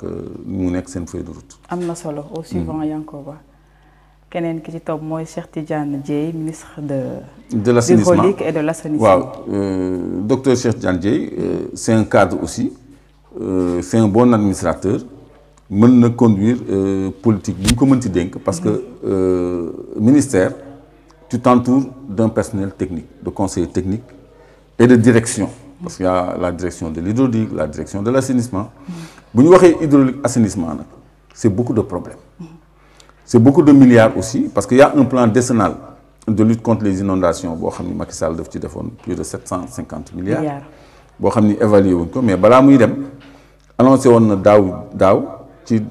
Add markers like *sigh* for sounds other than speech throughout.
que sommes feuille de route. am na solo au suivant hmm. Yankoba Kenen ki ci top moy Cheikh Tidiane Djey ministre de. de l'assainissement et de l'assainissement. Euh, docteur Cheikh Tidiane Djey, euh, un cadre aussi euh, c'est un bon administrateur mën na conduire euh, politique bu ko mën ci parce que ministère tu t'entoures d'un personnel technique de conseillers techniques et de direction. parce qu'il y a la direction de l'hydraulique la direction de l'assainissement, hmm. Vous on hydraulique assainissement c'est beaucoup de problèmes C'est beaucoup de milliards aussi parce qu'il y' a un plan décennal de lutte contre les inondations boo xam a Macky plus de 750 milliards boo on évalué mais il muy a annoncé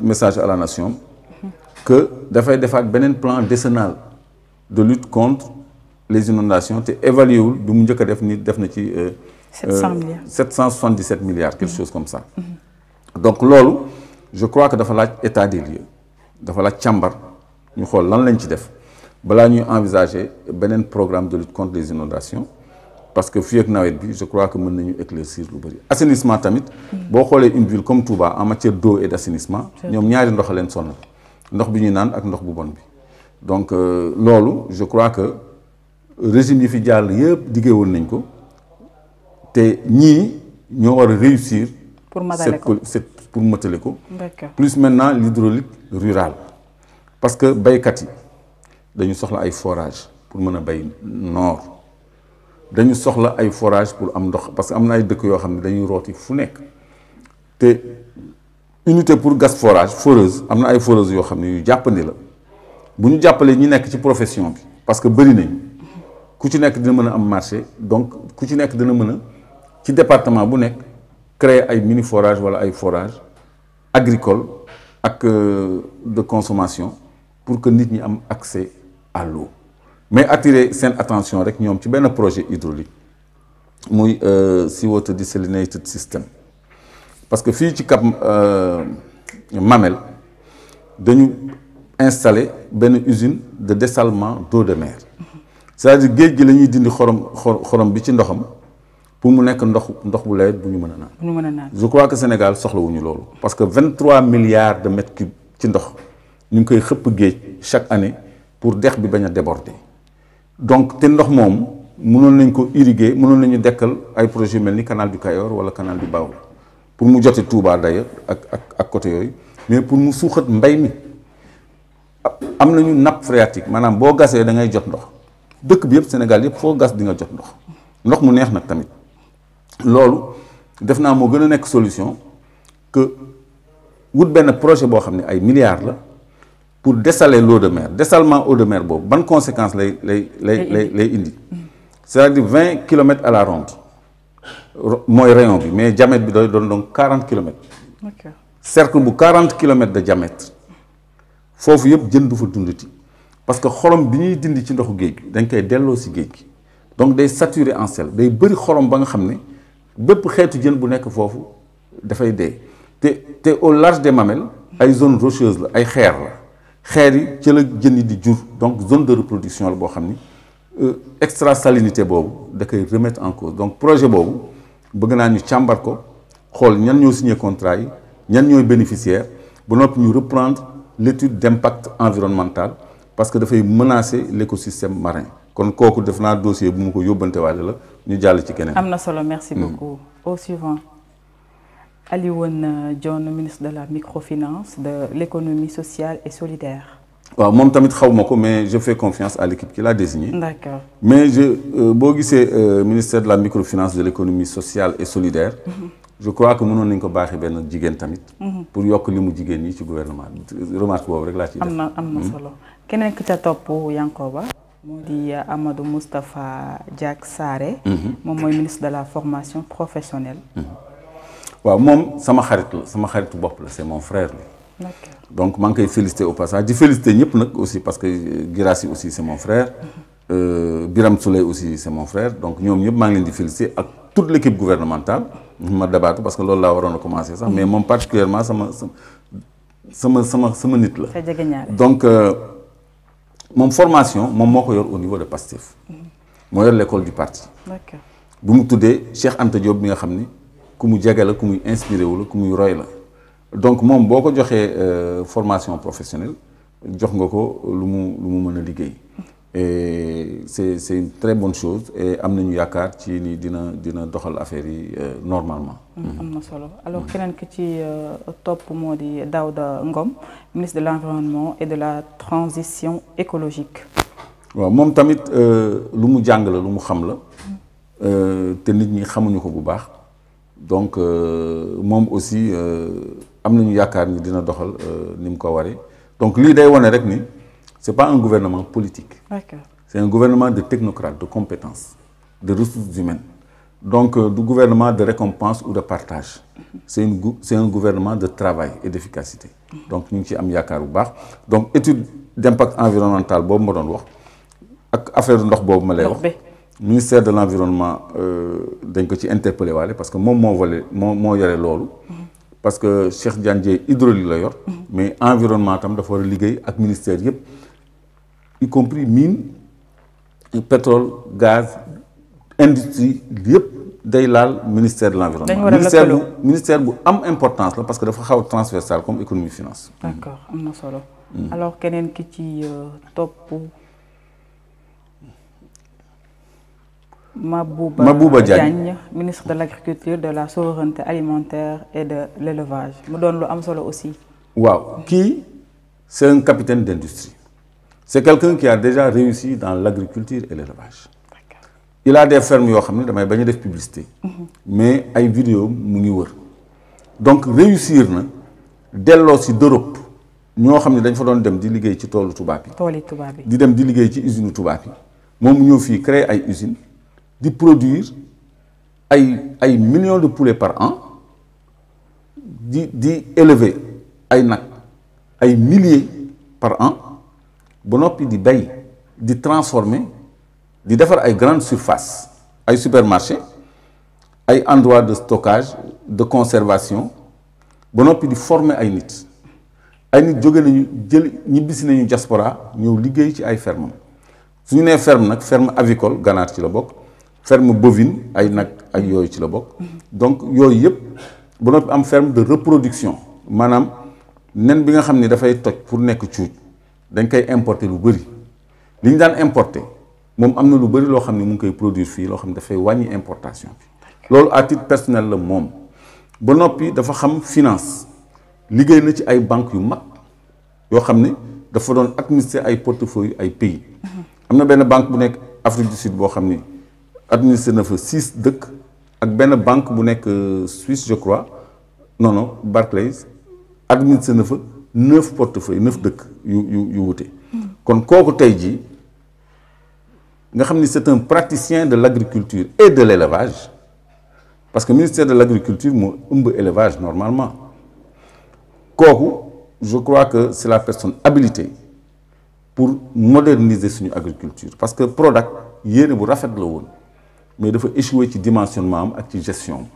message à la nation que y a un plan décennal de lutte contre les inondations te évalué a def 777 euh, euh, milliards quelque mmh. chose comme ça. Mmh donc lolu je crois que dafa laaj état des lieux dafa laaj càmbar ñu xol lan lañ ci def bala ñuy envisager un programme de lutte contre les inondations parce que fii nawet bi je crois que nous nañu éclaircir lu bari assainissement tamit bo xolé une ville comme Touba en matière d'eau et d'assainissement nous ñaari ndox a leen sonn ndox bi ñuy naan ak ndox bu bon bi donc euh, lolu je crois que le régime yi fi jall yëpp diggée nañ ko té réussir pour matale ko c'est pour matale ko. d'accord plus maintenant l'hydraulique rurale parce que baykat yi dañu soxla ay forage pour mën a Nord noor dañu soxla ay forage pour am ndox parce que am na ay dëkk yoo xam ne dañuy rooti fu nekk unité pour gas forage foreuse am na ay foreuse yoo xam ne yu jàppandi la bu ñu jàppalee ñi nekk ci profession parce que bëri nañu ku ci nekk dina mën am marché donc ku ci nekk dina mën a ci département bu nekk créer un mini forage wala un forage agricole et euh, de consommation pour que nous ayons accès à l'eau mais attirer cette attention avec nous ci un projet hydraulique si euh, seawater desalinated system parce que fii ci Cap euh, Mamel dañu installer une usine de dessalement d'eau de mer c'est-à-dire que nous la ñuy dindi xorom xorom bi ci ndoxam pour mu nekk ndox ndox bu lay bu ñu mën a naan. bu ñu mën a naan je crois que Sénégal soxlawuñu loolu. parce que 23 milliards de mètres cubes ci ndox ñu ngi koy xëpp géej chaque année pour dex bi bañ a déborder donc te ndox moom mënoon nañ ko irriguer mënoon nañu dekkal ay projets yu mel ni canal du wala canal du Baol pour mu jote Touba d'ailleurs ak ak ak côté yooyu mais pour mu suuxat mbay mi am nañu nappe phréatique maanaam boo gasee da ngay jot ndox dëkk bi yëpp Sénégal yëpp foo gas di nga jot ndox mu neex nag tamit. Lors, il y a une solution que vous avez un projet qui est un milliard pour dessaler l'eau de mer. Dessalement eau de mer, bonne conséquence les, les, les, les, les Indies. C'est-à-dire 20 km à la ronde. Moi, rayon, mais le diamètre donne donc 40 km. Okay. Cercle de 40 km de diamètre. Il faut que vous ayez un peu Parce que si vous avez un peu de temps, vous avez un peu de temps. Donc, vous saturé en sel. Vous avez un peu de temps bépp xeetu jën bu nekk foofu dafay dee te te au large des mamelles ay zone rocheuse la ay xeer la xeer yi ci la jën yi di jur donc zone de reproduction la boo xam ni euh, extra salinité boobu da koy remettre en cause donc projet boobu bëgg naa ñu càmbar ko xool ñan ñoo signé contrat yi ñan ñooy bénéficiaire ba noppi ñu reprendre l'étude d'impact environnemental parce que dafay menacer l'écosystème marin kon kooku def un dossier bu ko yóbbante ñu jàll ci solo merci hmm. beaucoup. au suivant Alioune euh, John, ministre de la microfinance de l'économie sociale et solidaire. Moi, je tamit xaw pas mais je fais confiance à l'équipe qui l'a désigné. D'accord. mais je euh, boo euh, gisee euh, ministère de la microfinance de l'économie sociale et solidaire. Mhm. je crois que nous nañ ko baaxee benn jigéen tamit. Mhm. pour yokk li mu jigéen dans ci gouvernement remarque boobu rek laa ciy def. am na am na hmm. solo keneen ki moo di Amadou Moustapha Sare Sare, mhm. ministre de la formation professionnelle mhm. waaw sama xarit sama c'est mon frère donc je kay féliciter au passage di féliciter ñep nak aussi parce que Girassi aussi c'est mon frère mhm. euh, Biram Souley aussi c'est mon frère donc ñom ñep mang leen toute l'équipe gouvernementale ma débat parce que là on waron a commencé sax mais moi particulièrement sama sama sama sama nit la donc euh, moom formation moom moo yor au niveau de PASTEF. moo yor l'école du parti. d'accord bu mu tuddee Cheikh Anta Diop bi nga xam ni ku mu jege la inspiré wu la ku roy la donc moom boo ko euh, formation professionnelle jox nga ko lu mu lu mu mën a liggéey et c'est c'est une très bonne chose et am nañu yaakaar ci ni dina dina doxal affaire yi euh, normalement. Amna mhm. solo alors keneen ki ci euh, topp moo di Daouda Ngom ministre de l'environnement et de la transition écologique. waaw mom tamit euh, lu mu jàng la lu mu xam la te nit ñi xamuñu ko bu baax donc mom aussi am nañu yakar ni dina doxal ni nim ko waré. donc li day wane rek ni. Ce n'est pas un gouvernement politique. C'est un gouvernement de technocrates, de compétences, de ressources humaines. Donc, euh, du gouvernement de récompense ou de partage. C'est un gouvernement de travail et d'efficacité. Donc, nous avons Yakar Donc, étude d'impact environnemental, bon, affaire ndox ministère de l'environnement euh, d'un interpellé parce que mon moi, moi, parce que Cheikh Diandier hydraulique mm-hmm. mais environnement il faut war avec avec ministère y compris mine pétrole gaz industrie y day ministère de l'environnement ministère ministère bu am importance parce que dafa transversal comme économie finance d'accord am solo mm. alors keneen ki ci euh, top Mabouba, Mabouba Diagne ministre de l'agriculture de la souveraineté alimentaire et de l'élevage mu donne lu am solo aussi waaw qui c'est un capitaine d'industrie c'est quelqu'un qui a déjà réussi dans l'agriculture et l'élevage. Il a des fermes je a des publicité. Mhm. mais il donc réussir dès lors d'Europe nous avons dañ fa doon dem di usine créer usines produire millions de poulets par an élever milliers par an ba noppi di bay di transformer di defar ay grandes surfaces ay supermarché ay endroit de stockage de conservation Bonopi noppi di former ay nit ay nit jogé nañu jël ñibbisi nañu diaspora ñeu liggéey ci ay ferme suñu né ferme nak ferme avicole ganaar ci la bok, ferme bovine ay nak ak yoy ci la bok. donc yoy yep ba am ferme de reproduction manam nen bi nga xamni da fay toj pour nek dañ koy importer lu bëri li ñu daan importer moom am na lu bëri loo xam ne mu ngi koy produire fii loo xam dafay wàññi importation bi loolu à titre personnel la moom ba noppi dafa xam finance liggéey na ci ay banque yu mag yoo xam ne dafa doon administrer ay portefeuille ay pays am na benn banque bu nekk Afrique du Sud boo xam ni administrer na fa six dëkk ak benn banque bu nekk euh, Suisse je crois non non Barclays administrer na fa neuf portefeuilles neuf de yu yu yu c'est un praticien de l'agriculture et de l'élevage parce que ministère de l'agriculture moo élevage normalement Kogo, je crois que c'est la personne habilitée pour moderniser son agriculture parce que product, hier bu rafet la l'eau, mais échouer échoué le dimensionnement et la gestion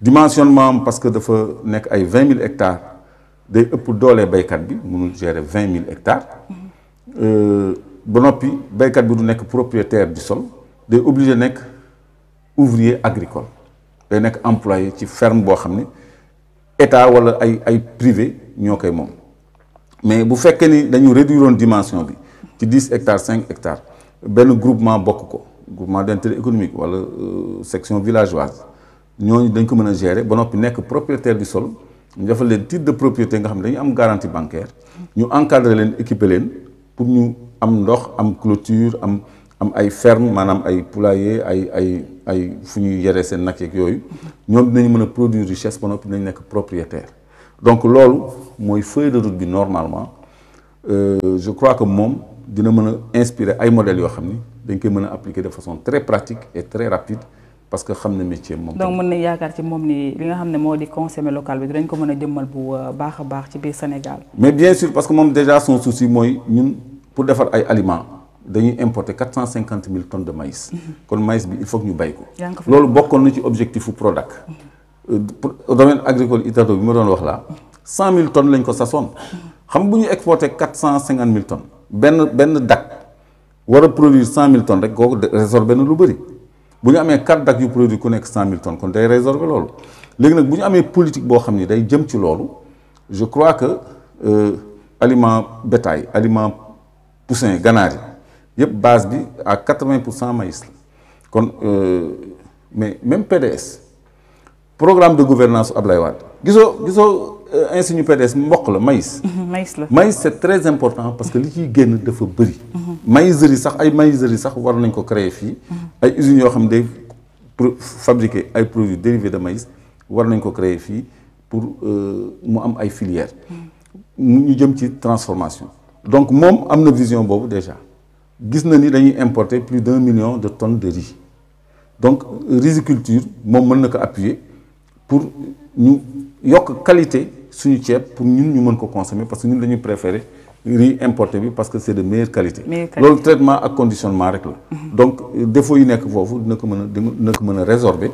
dimensionnement parce que il y ay 20 hectares de pour dole baykat bi mënu gérer 20000 hectares mm-hmm. euh bonopi baykat du propriétaire du sol de obligés nek ouvrier agricole day nek employé ci ferme bo xamné état privé mais si fekké ni dañu réduire dimension de 10 hectares 5 hectares ben groupement bokk groupement d'intérêt économique wala euh, section villageoise ñoñu dañ ko propriétaires gérer propriétaire du sol ñu defal les titre de propriété nga avons une dañu am garantie bancaire ñu encadrer leen équiper leen pour ñu am ndox am clôture am am ay ferme manam ay poulailler ay ay ay fuñu yéré sen seen ak yeeg ñom dinañ mëna produire richesse ba noppi dinañ nekk propriétaire donc lolu moy feuille de route bi normalement euh, je crois que mom dina mëna inspirer ay modèles yo xamni dañ koy mëna appliquer de façon très pratique et très rapide parce que xamna métier mom donc mën na yaakar ci mom ni li nga xamne modi conseil local bi dañ ko mëna jëmmal bu euh, baax baax ci sénégal mais bien sûr parce que mom déjà son souci moy ñun pour défar ay aliments dañuy importer 450 000 tonnes de maïs mhm. kon maïs bi il faut que ñu bay ko lolu bokkon na ci objectif product mhm. euh, domaine agricole itato bi ma doon wax la 100 000 tonnes lañ ko sasson mhm. xam bu exporter 450 000 tonnes ben ben dak war a 100 000 tonnes rek kooku résorber na lu Bunyi amé kardak yu produit kon ek 100 000 tonnes, kon day résorber Si légui nak buñu amé politique bo xamni day jëm ci je crois que euh aliments bétail aliments poussin ganari yépp base bi à 80% maïs euh, mais même PDS programme de gouvernance Ablaye Wade gisso euh, insigne PDS mbok la maïs. *laughs* maïs la maïs c'est très important parce que li ciy bruit. dafa bëri. Mhm. maïserie sax ay maïserie sax war nañ ko créer fi mhm. ay usines y xam des fabriquer ay produits dérivés de maïs war nañ ko créer pour pour euh, mu am ay filières. Mhm. ñu jëm ci transformation. donc moom am na vision boobu déjà gis na ni dañuy importer plus d'un million de tonnes de riz donc riziculture moom appuyer pour ñu yokk qualité suñu pour ñun ñu mëne ko consommer parce que ñun préférons préférer riz importé bi parce que c'est de meilleure qualité. Le traitement ak conditionnement rek la. Mhm. donc euh, défaut yu nekk fofu dina ko mëna dina résorber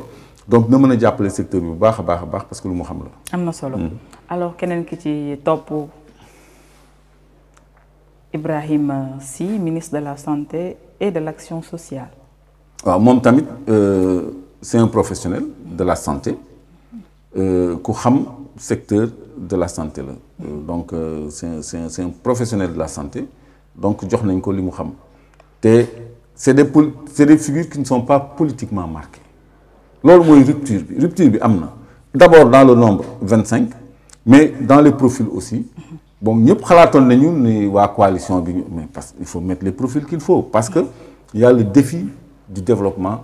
donc na mëna jappalé le secteur bi bu baax baax parce que lu mu xam la. amna solo mhm. alors keneen ki ci top Sy ministre de la santé et de l'Action sociale. waaw moom tamit euh, c'est un professionnel de la santé euh, ku xam secteur de la santé donc euh, c'est un un professionnel de la santé donc c'est des des figures qui ne sont pas politiquement marquées rupture bi rupture bi d'abord dans le nombre 25, mais dans les profils aussi bon coalition mais faut mettre les profils qu'il faut parce que il y a le défi du développement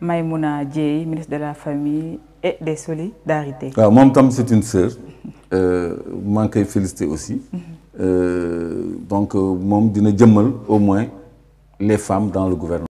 Maïmouna Djei, ministre de la famille et des solidarités. Mon femme c'est une sœur Je euh, ngi félicité féliciter aussi mhm. euh, donc je euh, dina au moins les femmes dans le gouvernement.